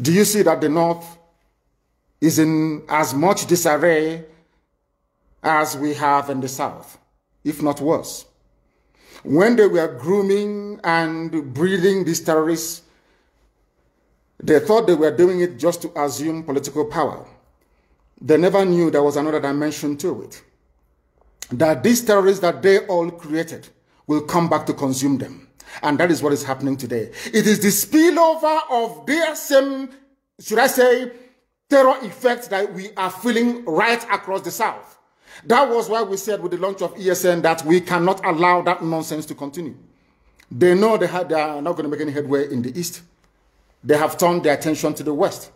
Do you see that the North is in as much disarray as we have in the South, if not worse? When they were grooming and breeding these terrorists, they thought they were doing it just to assume political power. They never knew there was another dimension to it. That these terrorists that they all created will come back to consume them. And that is what is happening today. It is the spillover of their same, should I say, terror effect that we are feeling right across the South. That was why we said with the launch of ESN that we cannot allow that nonsense to continue. They know they, have, they are not going to make any headway in the East. They have turned their attention to the West.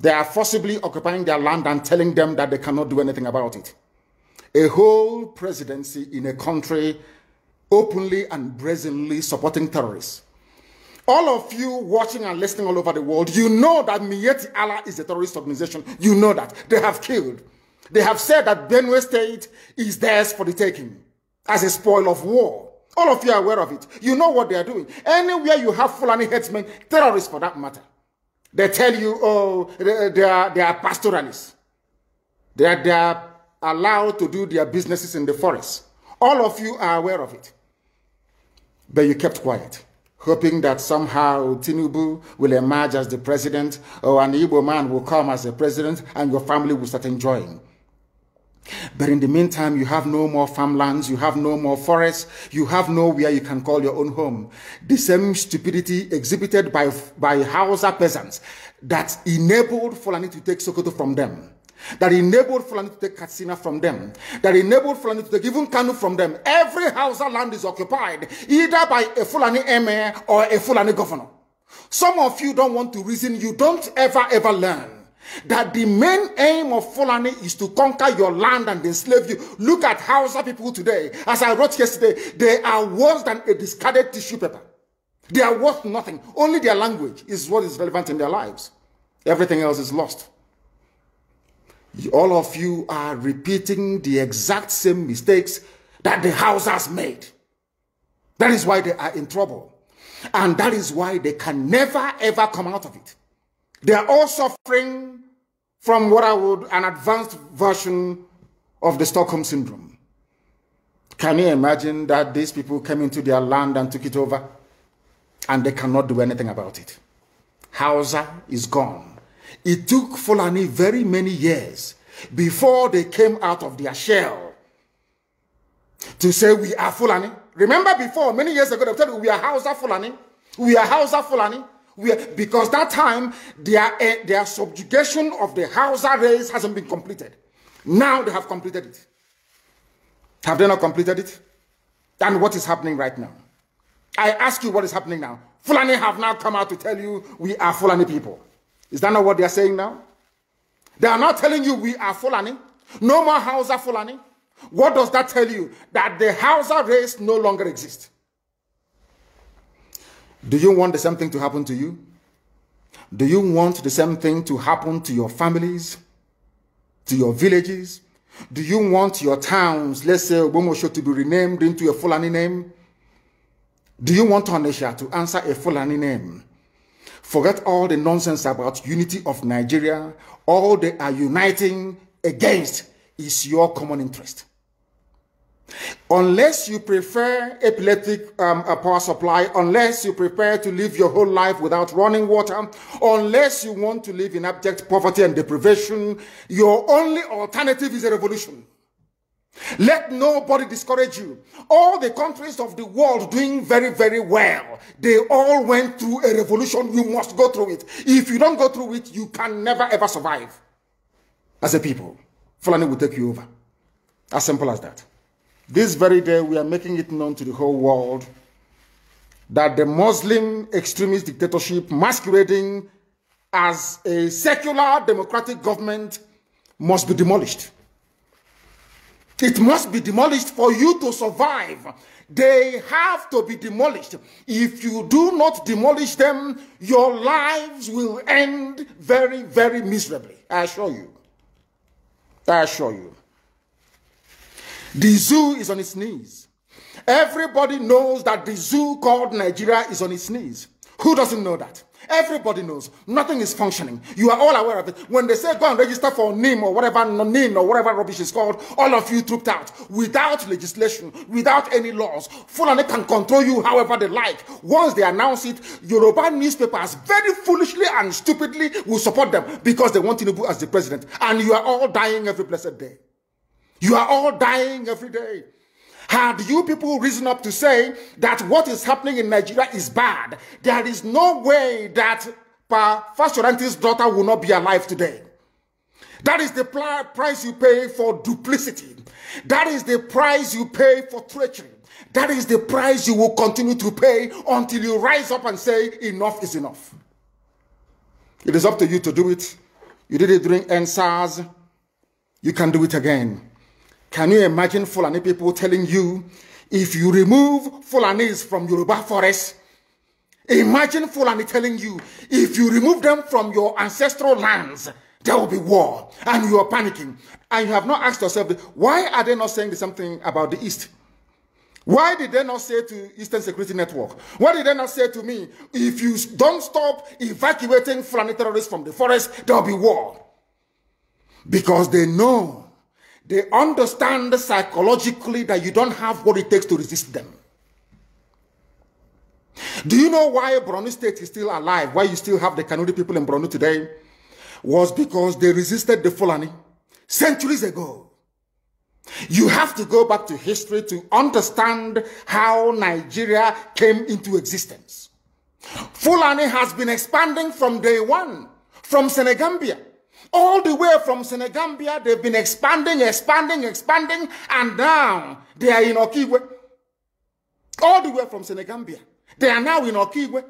They are forcibly occupying their land and telling them that they cannot do anything about it. A whole presidency in a country openly and brazenly supporting terrorists. All of you watching and listening all over the world, you know that Mieti Allah is a terrorist organization. You know that. They have killed. They have said that Benue State is theirs for the taking as a spoil of war. All of you are aware of it. You know what they are doing. Anywhere you have Fulani headsmen, terrorists for that matter, they tell you, oh, they are, they are pastoralists. They are, they are allowed to do their businesses in the forest. All of you are aware of it. But you kept quiet, hoping that somehow Tinubu will emerge as the president or an Igbo man will come as the president and your family will start enjoying. But in the meantime, you have no more farmlands, you have no more forests, you have nowhere you can call your own home. The same stupidity exhibited by, by Hausa peasants that enabled Fulani to take Sokoto from them that enabled Fulani to take Katsina from them, that enabled Fulani to take even Kanu from them. Every house and land is occupied either by a Fulani emir or a Fulani governor. Some of you don't want to reason, you don't ever, ever learn that the main aim of Fulani is to conquer your land and enslave you. Look at Hausa people today. As I wrote yesterday, they are worse than a discarded tissue paper. They are worth nothing. Only their language is what is relevant in their lives. Everything else is lost all of you are repeating the exact same mistakes that the house has made. That is why they are in trouble. And that is why they can never ever come out of it. They are all suffering from what I would, an advanced version of the Stockholm Syndrome. Can you imagine that these people came into their land and took it over and they cannot do anything about it? Hausa is gone. It took Fulani very many years before they came out of their shell to say we are Fulani. Remember before, many years ago, they told you we are Hausa Fulani. We are Hausa Fulani. We are, because that time, their, eh, their subjugation of the Hausa race hasn't been completed. Now they have completed it. Have they not completed it? And what is happening right now? I ask you what is happening now. Fulani have now come out to tell you we are Fulani people. Is that not what they are saying now? They are not telling you we are Fulani. No more Hausa Fulani. What does that tell you? That the Hausa race no longer exists. Do you want the same thing to happen to you? Do you want the same thing to happen to your families, to your villages? Do you want your towns, let's say Obomosho, to be renamed into a Fulani name? Do you want Onisha to answer a Fulani name? Forget all the nonsense about unity of Nigeria. All they are uniting against is your common interest. Unless you prefer epileptic um, uh, power supply, unless you prepare to live your whole life without running water, unless you want to live in abject poverty and deprivation, your only alternative is a revolution. Let nobody discourage you. All the countries of the world doing very, very well. They all went through a revolution. You must go through it. If you don't go through it, you can never ever survive. As a people, Fulani will take you over. As simple as that. This very day, we are making it known to the whole world that the Muslim extremist dictatorship masquerading as a secular democratic government must be demolished. It must be demolished for you to survive. They have to be demolished. If you do not demolish them, your lives will end very, very miserably. I assure you. I assure you. The zoo is on its knees. Everybody knows that the zoo called Nigeria is on its knees. Who doesn't know that? Everybody knows nothing is functioning. You are all aware of it. When they say go and register for name or whatever name or whatever rubbish is called, all of you trooped out without legislation, without any laws. Fulani can control you however they like. Once they announce it, Yoruba newspapers very foolishly and stupidly will support them because they want Tinubu as the president. And you are all dying every blessed day. You are all dying every day. Had you people risen up to say that what is happening in Nigeria is bad, there is no way that Pa daughter will not be alive today. That is the price you pay for duplicity. That is the price you pay for treachery. That is the price you will continue to pay until you rise up and say, enough is enough. It is up to you to do it. You did it during NSAS. You can do it again. Can you imagine Fulani people telling you, if you remove Fulanis from Yoruba forest, imagine Fulani telling you, if you remove them from your ancestral lands, there will be war. And you are panicking. And you have not asked yourself, why are they not saying something about the East? Why did they not say to Eastern Security Network? Why did they not say to me, if you don't stop evacuating Fulani terrorists from the forest, there will be war? Because they know they understand psychologically that you don't have what it takes to resist them. Do you know why Brunei State is still alive? Why you still have the Kanuri people in Brunei today? Was because they resisted the Fulani centuries ago. You have to go back to history to understand how Nigeria came into existence. Fulani has been expanding from day one, from Senegambia all the way from Senegambia, they've been expanding, expanding, expanding, and now they are in Okigwe. All the way from Senegambia, they are now in Okigwe.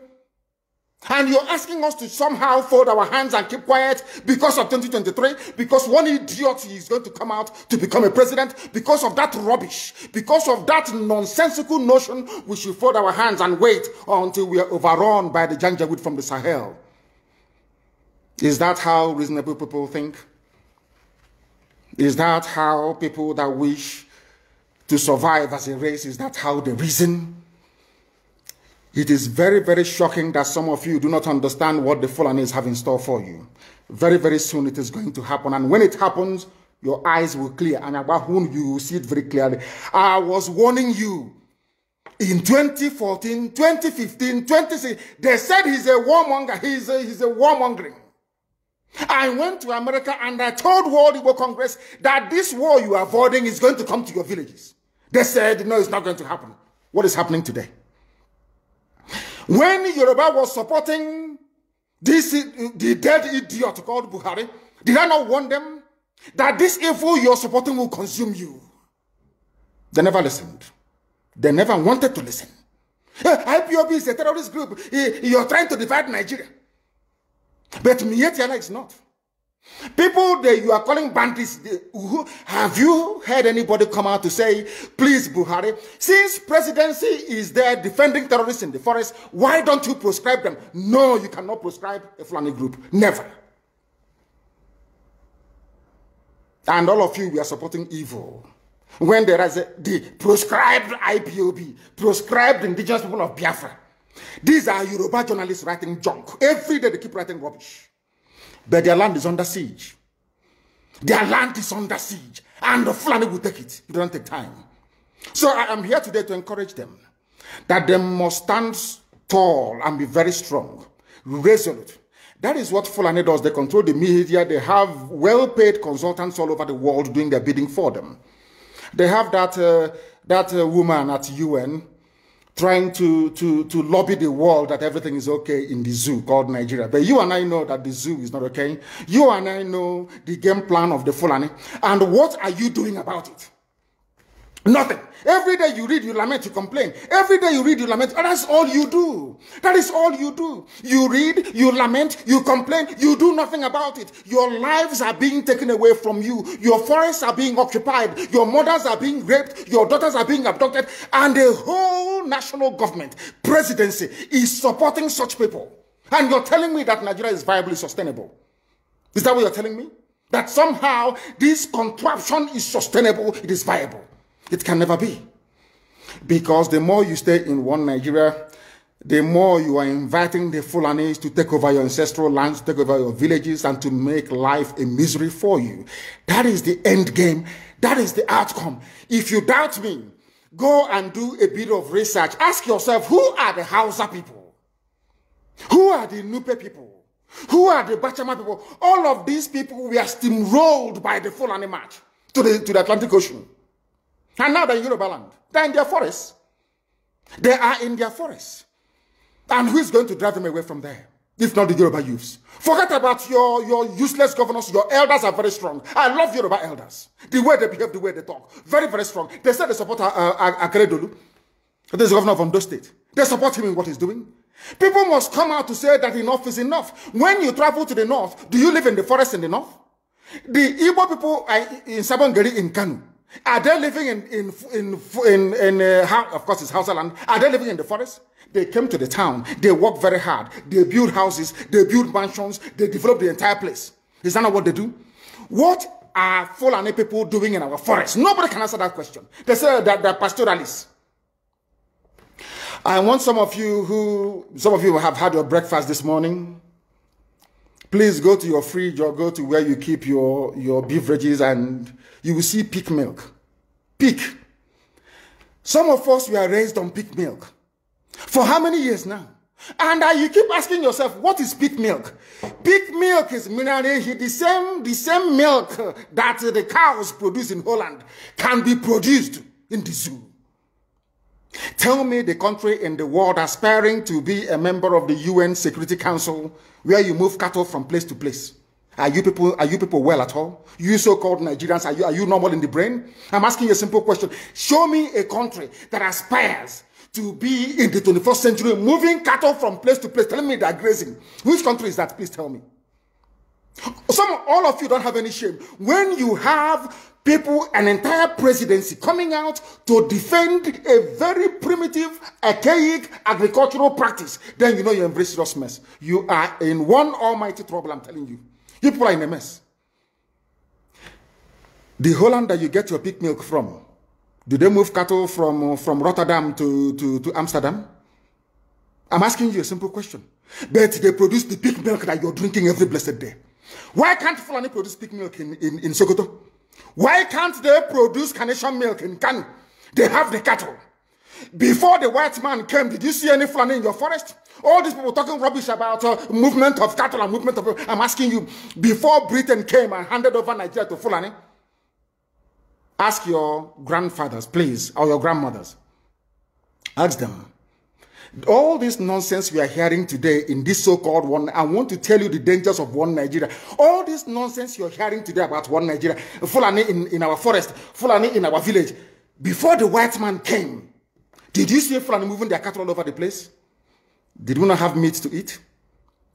And you're asking us to somehow fold our hands and keep quiet because of 2023, because one idiot is going to come out to become a president, because of that rubbish, because of that nonsensical notion, we should fold our hands and wait until we are overrun by the Janjaweed from the Sahel. Is that how reasonable people think? Is that how people that wish to survive as a race, is that how they reason? It is very, very shocking that some of you do not understand what the Fulanis have in store for you. Very, very soon it is going to happen. And when it happens, your eyes will clear. And about whom you will see it very clearly. I was warning you in 2014, 2015, 2016. They said he's a warmonger. He's a, he's a warmongering. I went to America and I told World War Congress that this war you are avoiding is going to come to your villages. They said, no, it's not going to happen. What is happening today? When Yoruba was supporting this, the dead idiot called Buhari, did I not warn them that this evil you're supporting will consume you? They never listened. They never wanted to listen. Eh, IPOB is a terrorist group. Eh, you're trying to divide Nigeria. But Mietiana is not. People that you are calling bandits, they, who, have you heard anybody come out to say, please Buhari, since presidency is there defending terrorists in the forest, why don't you proscribe them? No, you cannot proscribe a Fulani group. Never. And all of you, we are supporting evil. When there is a, the proscribed IPOB, proscribed indigenous people of Biafra, these are Yoruba journalists writing junk. Every day they keep writing rubbish. But their land is under siege. Their land is under siege. And the Fulani will take it. It doesn't take time. So I am here today to encourage them that they must stand tall and be very strong, resolute. That is what Fulani does. They control the media. They have well-paid consultants all over the world doing their bidding for them. They have that, uh, that uh, woman at UN trying to, to, to lobby the world that everything is okay in the zoo called Nigeria. But you and I know that the zoo is not okay. You and I know the game plan of the Fulani. And what are you doing about it? Nothing. Every day you read, you lament, you complain. Every day you read, you lament. And that's all you do. That is all you do. You read, you lament, you complain, you do nothing about it. Your lives are being taken away from you. Your forests are being occupied. Your mothers are being raped. Your daughters are being abducted. And the whole national government, presidency, is supporting such people. And you're telling me that Nigeria is viably sustainable. Is that what you're telling me? That somehow this contraption is sustainable, it is viable. It can never be. Because the more you stay in one Nigeria, the more you are inviting the Fulanis to take over your ancestral lands, take over your villages, and to make life a misery for you. That is the end game. That is the outcome. If you doubt me, go and do a bit of research. Ask yourself, who are the Hausa people? Who are the Nupe people? Who are the Bachama people? All of these people were steamrolled by the Fulani march to the, to the Atlantic Ocean. And now the Yoruba land. They're in their forests. They are in their forests. And who's going to drive them away from there? If not the Yoruba youths. Forget about your, your useless governors. Your elders are very strong. I love Yoruba elders. The way they behave, the way they talk. Very, very strong. They said they support uh, uh Akeredolu. This governor of Ondo State. They support him in what he's doing. People must come out to say that enough is enough. When you travel to the north, do you live in the forest in the north? The Igbo people are in Sabongeri in Kanu, are they living in, in, in, in, in uh, of course it's Hausa land. Are they living in the forest? They came to the town. They work very hard. They build houses. They build mansions. They develop the entire place. Is that not what they do? What are Fulani people doing in our forest? Nobody can answer that question. They say that they're pastoralists. I want some of you who, some of you have had your breakfast this morning. Please go to your fridge or go to where you keep your, your beverages and you will see pig milk. Pig. Some of us, we are raised on pig milk. For how many years now? And uh, you keep asking yourself, what is pig milk? Pig milk is mineral, the same, the same milk that the cows produce in Holland can be produced in the zoo. Tell me the country in the world aspiring to be a member of the UN Security Council where you move cattle from place to place. Are you people, are you people well at all? You so-called Nigerians, are you, are you normal in the brain? I'm asking you a simple question. Show me a country that aspires to be in the 21st century, moving cattle from place to place. Tell me they're grazing. Which country is that? Please tell me. Some, all of you don't have any shame. When you have people, an entire presidency coming out to defend a very primitive, archaic agricultural practice, then you know you embrace serious mess. You are in one almighty trouble, I'm telling you. You people are in a mess. The Holland that you get your pig milk from, do they move cattle from, from Rotterdam to, to, to Amsterdam? I'm asking you a simple question. But they produce the pig milk that you're drinking every blessed day. Why can't Fulani produce pig milk in, in, in Sokoto? Why can't they produce Carnation milk in Kanu? They have the cattle. Before the white man came, did you see any flan in your forest? All these people talking rubbish about uh, movement of cattle and movement of... I'm asking you, before Britain came and handed over Nigeria to Fulani, ask your grandfathers, please, or your grandmothers. Ask them, all this nonsense we are hearing today in this so-called one, I want to tell you the dangers of one Nigeria. All this nonsense you're hearing today about one Nigeria, Fulani in, in our forest, Fulani in our village. Before the white man came, did you see Fulani moving their cattle all over the place? Did we not have meat to eat?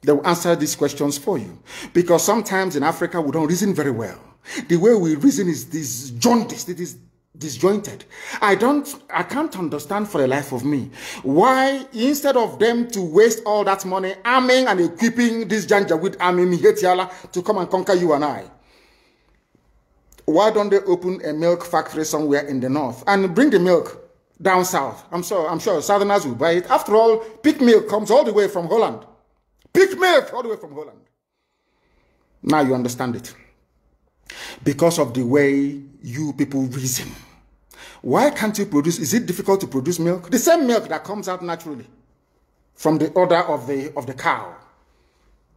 They will answer these questions for you. Because sometimes in Africa, we don't reason very well. The way we reason is this jaundice, it is disjointed. I don't, I can't understand for the life of me why instead of them to waste all that money arming and equipping this Janjaweed army Mihetiala to come and conquer you and I, why don't they open a milk factory somewhere in the north and bring the milk down south? I'm sure, I'm sure southerners will buy it. After all, pig milk comes all the way from Holland. Pig milk all the way from Holland. Now you understand it. Because of the way you people reason. Why can't you produce? Is it difficult to produce milk? The same milk that comes out naturally from the order of the, of the cow.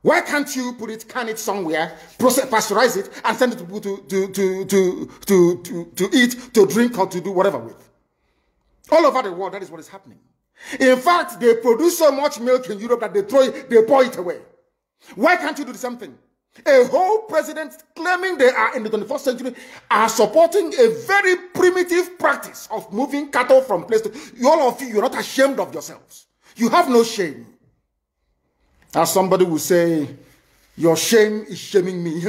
Why can't you put it, can it somewhere, process, pasteurize it, and send it to to, to, to, to, to, to, to eat, to drink, or to do whatever with? All over the world, that is what is happening. In fact, they produce so much milk in Europe that they throw it, they pour it away. Why can't you do the same thing? A whole president claiming they are in the 21st century are supporting a very primitive practice of moving cattle from place to You all of you, you're not ashamed of yourselves. You have no shame. As somebody will say, your shame is shaming me.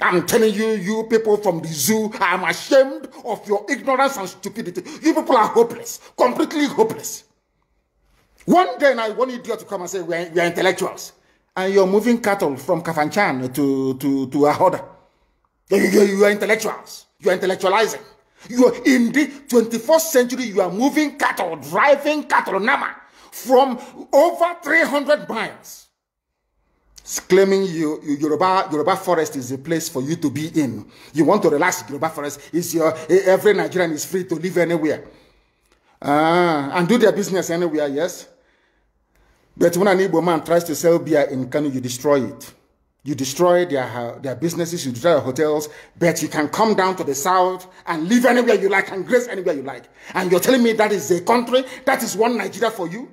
I'm telling you, you people from the zoo, I'm ashamed of your ignorance and stupidity. You people are hopeless, completely hopeless. One day, I want you to come and say, we are, we are intellectuals. and you're moving cattle from Kafanchan to, to, to Ahoda. You are intellectuals. You are intellectualizing. You are in the 21st century, you are moving cattle, driving cattle, Nama, from over 300 miles. It's claiming you, you, Yoruba, Yoruba forest is a place for you to be in. You want to relax, Yoruba forest is your, every Nigerian is free to live anywhere. Uh, and do their business anywhere, yes? But when an Igbo man tries to sell beer in Kanu, you destroy it. You destroy their, uh, their businesses, you destroy their hotels, but you can come down to the south and live anywhere you like and grace anywhere you like. And you're telling me that is a country, that is one Nigeria for you?